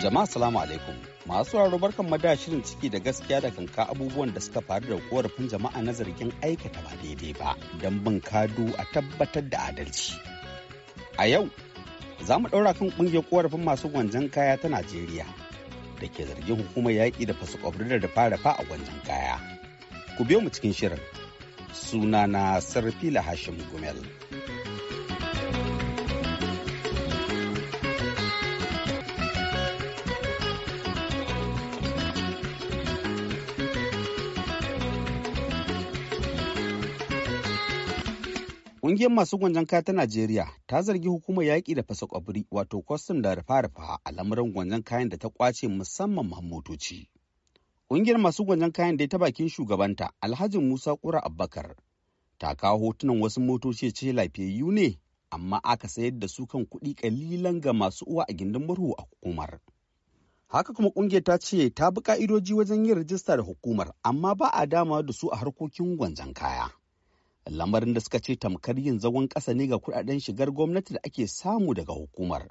Jama'a salamu alaikum. Masu sauraro barkan mada shirin ciki da gaskiya da kanka abubuwan da suka faru da korafin jama'a na zargin aikata ba daidai ba don bin kadu a tabbatar da adalci. A yau, za mu ɗaura kan ƙungiyar korafin masu gwanjan kaya ta Najeriya da ke zargin hukumar yaƙi da fasikobri da fara fa a gwanjan kaya. Ku biyo mu cikin shirin. Sunana Sarfila Hashim Gumel. Ƙungiyar masu gwanjan kaya ta Najeriya ta zargi hukumar yaƙi da fasa kwabri wato kwastam da rufa-rufa a lamuran gwanjan kayan da ta kwace musamman motoci. Ƙungiyar masu gwanjan kayan da ta bakin shugabanta Alhaji Musa Kura Abbakar ta kawo hotunan wasu motoci ce lafiyayyu ne amma aka sayar da su kan kuɗi ƙalilan ga masu uwa a gindin murhu a hukumar. Haka kuma ƙungiyar ta ce ta bi ƙa'idoji wajen yin rajista da hukumar amma ba a dama da su a harkokin gwanjan kaya. lamarin da suka ce tamkar yin zagon ƙasa ne ga kuɗaɗen shigar gwamnati da ake samu daga hukumar.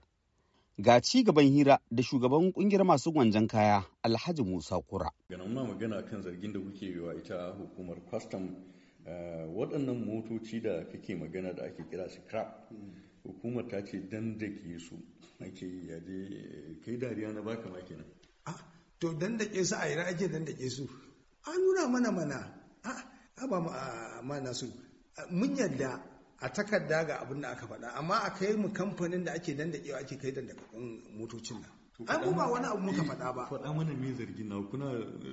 Ga ci gaban hira da shugaban kungiyar masu gwanjan kaya Alhaji Musa Kura. Ganin ma magana kan zargin da kuke yi wa ita hukumar kwastam eh, waɗannan motoci da kake magana da ake kira crap hukumar ta ce dan da ke su ake yaje eh, kai dariya na baka ma kenan. Ah, to dan da ke su a yi ake dan da ke su. An nuna mana mana. Ah, ba mana su mun yadda a takarda ga abin da aka faɗa amma a kai mu kamfanin da ake kewa ake kai da motocin nan an mu ba wani abu muka eh, faɗa ba faɗa mana me zargin na kuna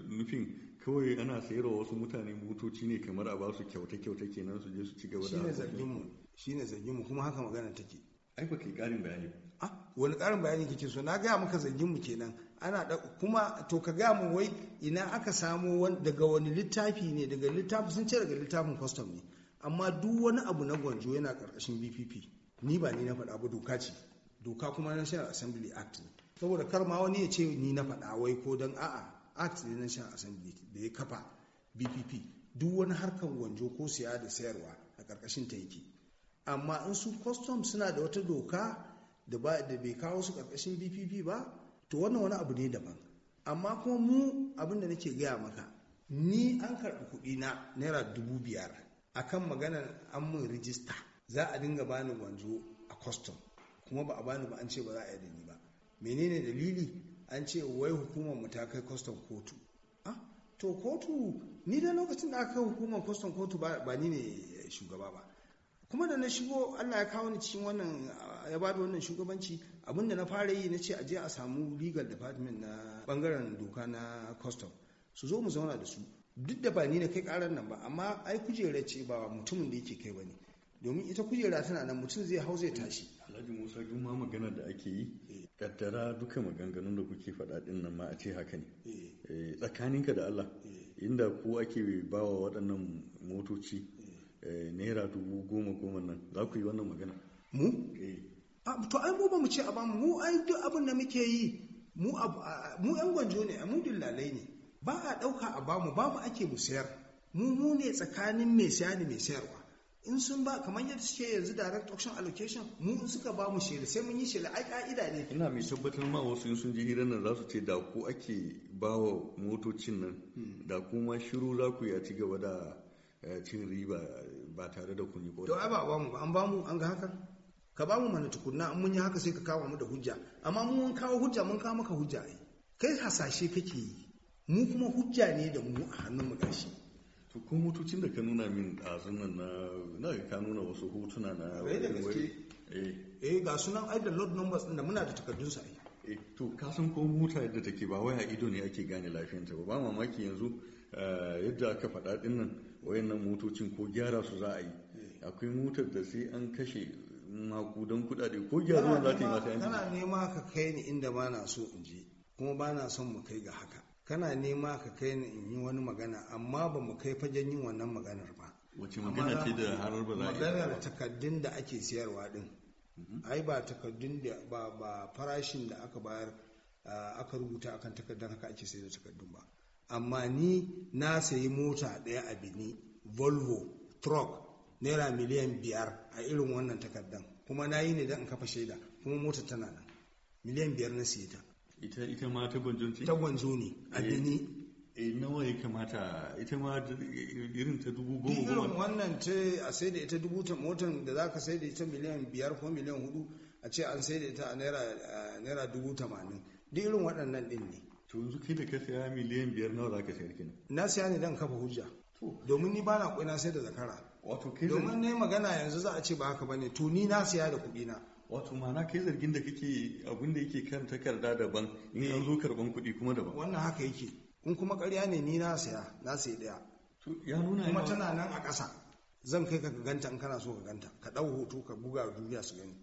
nufin kawai ana sayarwa wasu mutane motoci ne kamar a ba su kyauta-kyauta kenan su je su ci gaba da shine zargin mu shine zargin mu kuma haka magana take ai ba kai karin bayani a ah, wani karin bayani kike so na gaya maka zargin mu kenan ana da kuma to ka gaya mu wai ina aka samo daga wani littafi ne daga littafi sun ce daga littafin custom ne amma duk wani abu na gwanjo yana karkashin bpp ni ba ni na faɗa ba doka ce doka kuma national assembly act ne saboda kar ma wani ya ce ni na faɗa wai ko don a'a act ne national assembly da ya kafa bpp duk wani harkar gwanjo ko siya da sayarwa a karkashin ta yake amma in su kwastam suna da wata doka da bai kawo su karkashin bpp ba to wannan wani abu ne daban amma kuma mu abin da nake gaya maka ni an karɓi kuɗi na naira dubu biyar a kan maganar an mun rijista za a dinga bani wanzu a custom kuma ba a bani ba an ce ba za a yi da ni ba menene dalili an ce wai hukumar mu ta kai custom kotu ah to kotu ni da lokacin da aka kai hukumar custom kotu ba ni ne shugaba ba kuma da na shigo Allah ya kawo ni cikin wannan ya bada wannan shugabanci abinda na fara yi na ce aje a samu legal department na bangaren doka na custom su zo mu zauna da su duk da ba ni na kai karar nan ba amma ai kujera ce ba mutumin da yake kai ba ne domin ita kujera tana nan mutum zai hau zai tashi alhaji musa duk magana da ake yi kaddara eh. duka maganganun da kuke faɗa din nan ma a ce haka ne eh. Eh, tsakaninka da allah inda ko ake bawa waɗannan motoci naira dubu goma goma nan za ku yi wannan magana mu to ai mu ba mu ce a ba mu ai duk abin da muke yi mu yan gwanjo ne mu dillalai ne ba a ɗauka a bamu bamu ake mu sayar mu mu ne tsakanin mai saya ne mai sayarwa in sun ba kamar yadda suke yanzu direct auction allocation mu in suka ba mu shela sai mun yi shela ai ka'ida ne ina mai tabbatar ma wasu sun ji hirar nan za su ce da ku ake ba wa motocin nan hmm. da kuma shiru za ku ya ci gaba da eh, cin riba ba tare da kun yi to ai ba ba mu an ba mu an ga haka ka ba mu mana tukunna an mun yi haka sai ka kawo mu da hujja amma mun kawo hujja mun kawo maka hujja ai kai hasashe kake yi mu kuma hujja ne da mu a hannun mu gashi to kun da ka nuna min a nan na na ka nuna wasu hotuna na wai eh. eh ga sunan ai da lord numbers din da muna da takardun sa eh to ka san ko mota yadda take ba wai ido ne ake gane lafiyanta ba ba mamaki yanzu eh, yadda aka faɗa din nan wayannan motocin ko gyara su za a yi eh. akwai motar da sai an kashe makudan kuɗaɗe ko gyaruwa za ta yi mata yanzu kana nema ka kai ni inda ba na so in je kuma ba na son mu kai ga haka kana nema ka kai ni in yi wani magana amma ba mu kai fagen yin wannan maganar ba wace magana ce da harar ba maganar takaddun da ake siyarwa din mm-hmm. ai ba takaddun da ba ba farashin da aka bayar aka rubuta akan takardun haka ake sayar da takaddun ba amma ni na sayi mota daya a Bini Volvo truck naira miliyan biyar a irin wannan takardan kuma na yi ne don kafa shaida kuma mota tana nan miliyan biyar na siye ta ita ita ma ta gwanzo ce ta gwanjo ne addini eh, eh nawa ya kamata ita ma irin ta dubu goma goma irin wannan ce a sai da ita dubu ta motan da zaka sai da ita miliyan biyar ko miliyan hudu a ce an sai da ita a naira naira dubu tamanin duk irin waɗannan din ne to yanzu kai da ka saya miliyan biyar nawa zaka sayar kenan na saya ne dan kafa hujja domin ni bana na sai da zakara domin ne magana yanzu za a ce ba haka bane to ni na saya da kuɗi na wato ma'ana kai zargin da kake abin da yake kan takarda daban in an zo karban kuɗi kuma daban wannan haka yake in kuma ƙarya ne ni na saya na sayi ɗaya ya nuna kuma tana nan a ƙasa zan kai ka ganta in kana so ka ganta ka ɗau hoto ka buga duniya su gani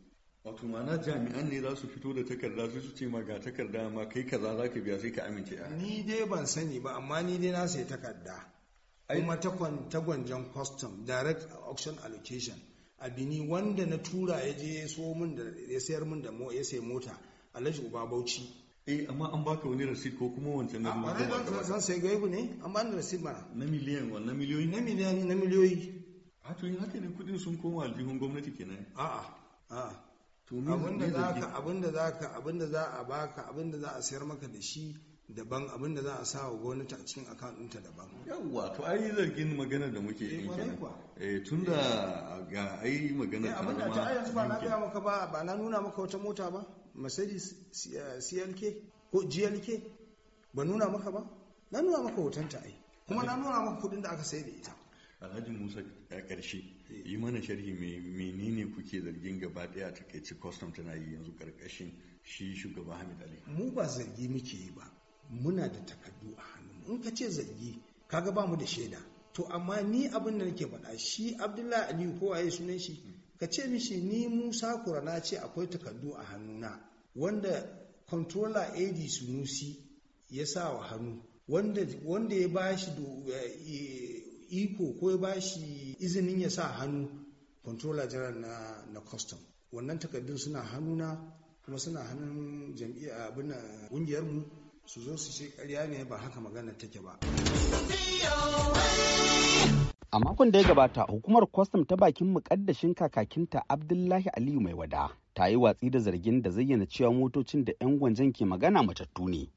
wato ma'ana jami'an ne za su fito da takarda sai su ce ma ga takarda ma kai kaza za ka biya sai ka amince ya ni dai ban sani ba amma ni dai na sayi takarda kuma ta gwanjan custom direct auction allocation abini wanda na tura ya je ya so min da ya sayar min da ya sayi mota alhaji uba bauchi eh amma an baka wani receipt ko kuma wancan na ba ba za sai gaibu ne an bani receipt mana na miliyan na miliyoyi na miliyan na miliyoyi a to yin haka ne kudin sun koma aljihun gwamnati kenan a'a a'a to abinda za ka abinda za ka abinda za a baka abinda za a sayar maka da shi daban abin da za a sawa gwamnati a cikin akawun ɗinta daban. Yawwa to ai zargin magana da muke eh, yi kenan. Eh tun da eh. ga ai magana eh, ta ma. Abin da ta yanzu ba na gaya maka ba ba na nuna maka wata mota ba Mercedes CLK ko GLK ba nuna maka ba na nuna maka ta ai kuma na nuna maka kuɗin da aka sayar da ita. Alhaji Musa a ƙarshe yi mana sharhi menene kuke zargin gaba ta a ci custom tana yi yanzu ƙarƙashin shi shugaba Hamid Ali. Mu ba zargi muke yi ba. muna da takardu a hannu in ka ce zargi kaga ba mu da shaida to amma ni abin da nake faɗa shi abdullahi aliyu ko waye sunan shi ka ce mishi ni musa na ce akwai takardu a hannuna wanda controller ad sunusi ya sa wa hannu wanda ya ba shi eh, iko ko ya ba shi izinin ya sa hannu controller general na, na custom wannan takardun suna hannuna kuma suna hannun jam'iyyar abin ƙungiyarmu su zo su ce karya ne ba haka magana take ba a makon da ya gabata hukumar kwastam ta bakin mukaddashin kakakinta abdullahi aliyu mai wada ta yi watsi da zargin da zayyana cewa motocin da 'yan gwanjan ke magana matattu ne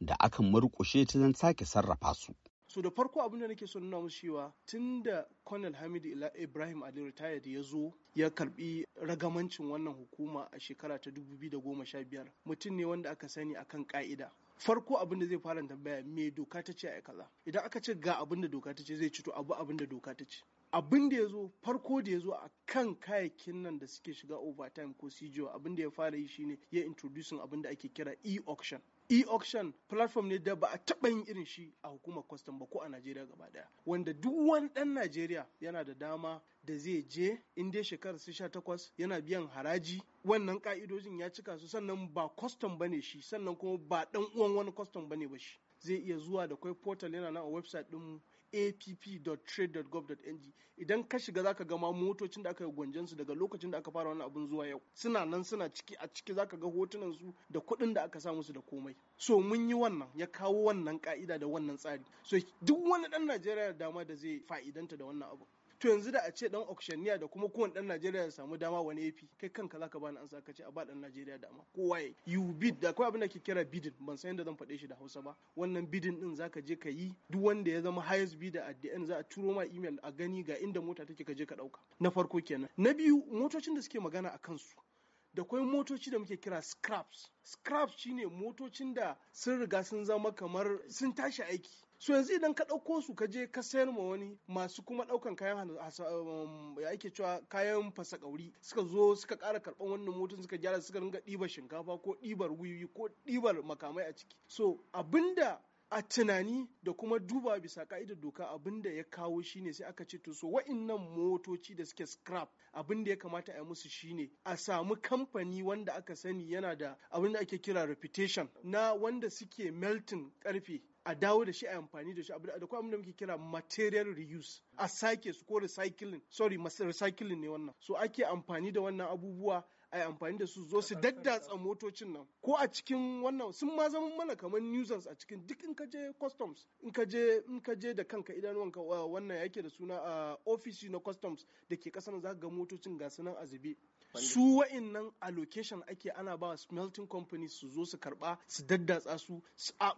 da akan murƙushe ta zan sake sarrafa su so da farko abin da nake so nuna musu cewa tun da Colonel Hamidu Ibrahim Ali retired ya zo ya karbi ragamancin wannan hukuma a shekara ta 2015 mutum ne wanda aka sani akan ka'ida farko abin da zai fara tambaya me doka ta ce a kaza idan aka ce ga abin da doka ta ce zai ci to abu abin da doka ta ce abin da ya zo farko da ya zo a kan kayayyakin nan da suke shiga overtime ko cgo abin da ya fara yi shine ya introducing abin da ake kira e-auction e-auction platform ne da ba a taɓa yin irin shi a hukumar kwastam ba ko a najeriya gaba daya wanda duk wani ɗan najeriya yana da dama da zai je in dai shekarar su sha takwas yana biyan haraji wannan ka'idojin ya cika su sannan ba kwastam ba ne shi sannan kuma ba ɗan uwan wani kwastam ba ne ba shi zai iya zuwa da kwai portal yana nan a website ɗinmu. app.trade.gov.ng idan ka shiga zaka ga ma motocin da aka yi gwanjan su daga lokacin da aka fara wannan abun zuwa yau suna nan suna ciki a ciki zaka ga hotunan su da kuɗin da aka sa musu da komai so mun yi wannan ya kawo wannan ka'ida da wannan tsari so duk wani dan Najeriya da dama da zai fa'idanta da wannan abu to yanzu da a ce dan auctioneer da kuma kowane dan Najeriya ya samu dama wani yafi kai kanka zaka bani ansa ka ce a ba dan Najeriya dama kowa ya you bid da akwai abin da ke kira bidin ban san yadda zan faɗe shi da Hausa ba wannan bidin din zaka je ka yi duk wanda ya zama highest bidder at the za a turo ma email a gani ga inda mota take ka je ka ɗauka. na farko kenan na biyu motocin da suke magana a kansu da kwai motoci da muke kira scraps scraps shine motocin da sun riga sun zama kamar sun tashi aiki so yanzu idan ka ɗauko su ka je ka sayar ma wani masu kuma ɗaukan kayan um, ya ake cewa kayan fasa ƙauri suka zo suka ƙara karɓan wannan motocin suka gyara suka ringa ɗibar shinkafa ko ɗibar wiwi ko ɗibar makamai a ciki so abinda a tunani da kuma duba bisa ka'ida doka abinda ya kawo shine sai aka ce to so wa'innan motoci da suke scrap abinda ya kamata a yi musu shine a samu kamfani wanda aka sani yana da abin ake kira reputation na wanda suke melting karfe a dawo da shi a amfani da shi abu da kuma da muke kira material reuse a sake su ko recycling sorry recycling ne wannan so ake amfani da wannan abubuwa a amfani da su zo su daddatsa motocin nan ko a cikin wannan sun ma zama mana kamar nuisance a cikin duk in ka je customs in ka je in ka je da kanka idanuwanka wannan yake da suna a ofisi na customs da ke kasar za ga motocin ga sunan azube su a location ake ana ba smelting companies su zo su karba su daddatsa su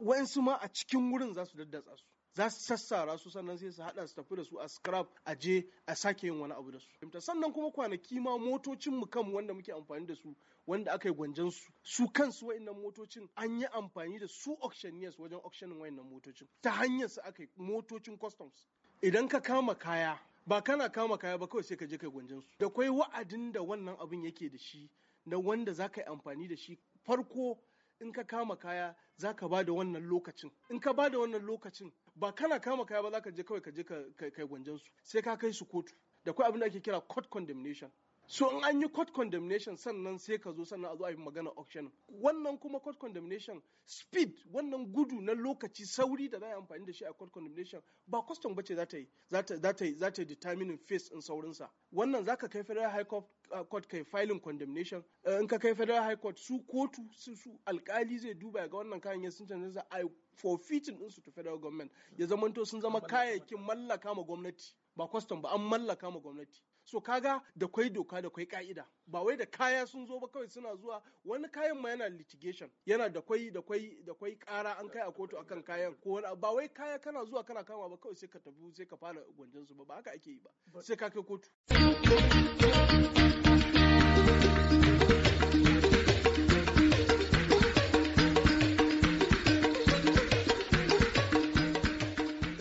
wa'ansu ma a cikin wurin za su daddatsa su za su sassara su sannan sai su hada su tafi da su a scrap a je a sake yin wani abu da su sannan kuma kwanaki ma motocin mu kan wanda muke amfani da su wanda aka yi gwanjan su su kansu wayannan motocin an yi amfani da su auctioneers wajen auctioning wayannan motocin ta hanyar su aka yi motocin customs idan ka kama kaya ba kana kama kaya ba kawai sai ka je kai gwanjan su da kwai wa'adin da wannan abin yake da shi na wanda za ka yi amfani da shi farko in ka kama kaya za ka ba da wannan lokacin in ka ba da wannan lokacin ba kana kama kaya ba za ka je kawai ka je ka kai gwanjan su sai ka kai su kotu da kai abin da ake kira court condemnation so in an yi court condemnation sannan sai ka zo sannan a zo a yi magana auction wannan kuma court condemnation speed wannan gudu na lokaci sauri da za a amfani da shi a court condemnation ba ba bace za ta yi za ta yi za ta determine face in saurinsa wannan zaka kai federal high court, uh, court kai filing condemnation uh, in ka kai federal high court su kotu su su alkali zai duba ga wannan kayan ya sun canza a forfeiting din su to federal government ya zamanto sun zama kayayyakin mallaka ma gwamnati ba question ba an mallaka ma gwamnati so kaga da kwai doka da kwai ka'ida ba wai da kaya sun zo ba kawai suna zuwa wani kayan ma yana litigation yana da kwai da kwai da kwai kara an kai a kotu akan kayan ko ba wai kaya kana zuwa kana kama ba kawai sai ka tafi sai ka fara gwanjan su ba haka ake yi ba sai ka kai kotu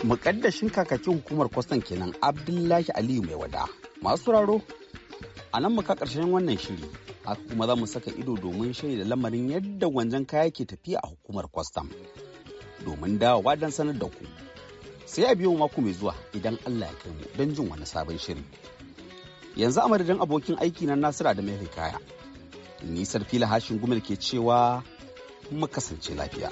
mukaddashin kakakin hukumar kwastan kenan abdullahi aliyu mai wada masu sauraro, a nan muka karshen wannan shiri haka kuma za mu saka ido domin shirya da lamarin yadda wanjan kaya ke tafiya a hukumar kwastan. domin dawowa don sanar da ku sai a biyo mako mai zuwa idan allah ya kai mu don jin wani sabon shiri yanzu a madadin abokin aiki na nasira da mai kaya ni sarfila hashin gumel ke cewa mu kasance lafiya.